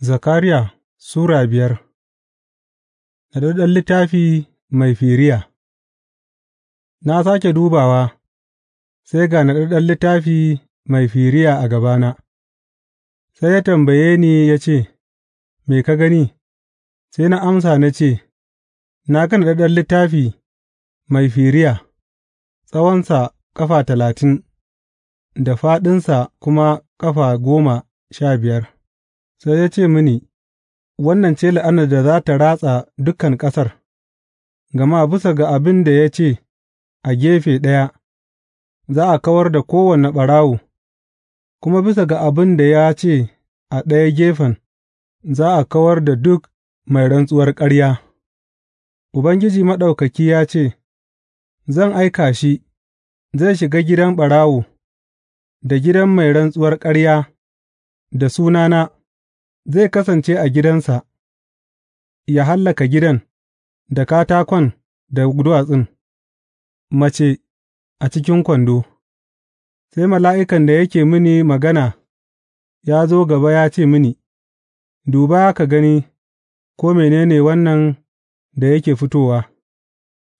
Zakariya Sura biyar Naɗaɗɗen littafi mai firiya Na sake dubawa, sai ga naɗaɗɗen littafi mai firiya a gabana, sai ya tambaye ni ya ce, Me ka gani, sai na amsa na ce, Na ga naɗaɗɗen littafi mai firiya, tsawonsa ƙafa talatin, da faɗinsa kuma ƙafa goma sha biyar. sai ya ce mini, Wannan ce la'anar da za ta ratsa dukan ƙasar, gama bisa ga abin da ya ce a gefe ɗaya, za a kawar da kowane ɓarawo, kuma bisa ga abin da ya ce a ɗaya gefen, za a kawar da duk mai rantsuwar ƙarya. Ubangiji Maɗaukaki ya ce, Zan aika shi, zai shiga gidan ɓarawo, da gidan mai rantsuwar ƙarya, da sunana. zai kasance a gidansa, ya hallaka gidan da katakon da duwatsun, mace a cikin kwando, sai mala'ikan da yake mini magana ya zo gaba ya ce mini, Duba ka gani ko menene wannan da yake fitowa,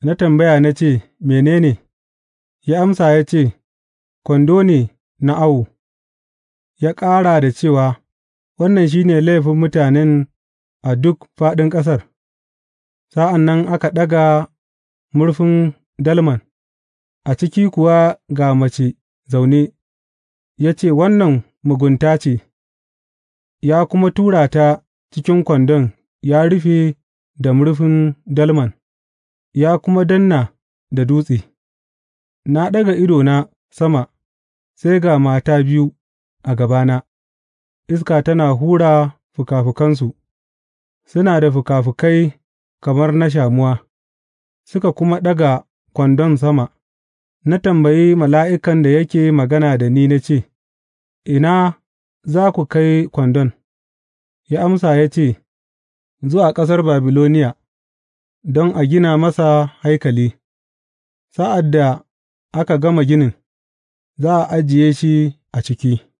na tambaya na ce, Menene? Ya amsa ya ce, Kwando ne na awo, ya ƙara da cewa, Wannan shi ne laifin mutanen a duk faɗin ƙasar. Sa'an nan aka ɗaga murfin dalman, a ciki kuwa ga mace zaune, ya ce Wannan mugunta ce, ya kuma tura ta cikin kwandon ya rufe da murfin dalman, ya kuma danna da dutse, Na ɗaga idona sama, sai ga mata biyu a gabana. iska tana hura fikafikansu, suna da fikafikai kamar na shamuwa, suka kuma ɗaga kwandon sama, na tambayi mala'ikan da yake magana da ni na ce, Ina za ku kai kwandon? Ya amsa ya ce, Zuwa ƙasar Babiloniya, don a gina masa haikali, sa'ad da aka gama ginin, za a ajiye shi a ciki.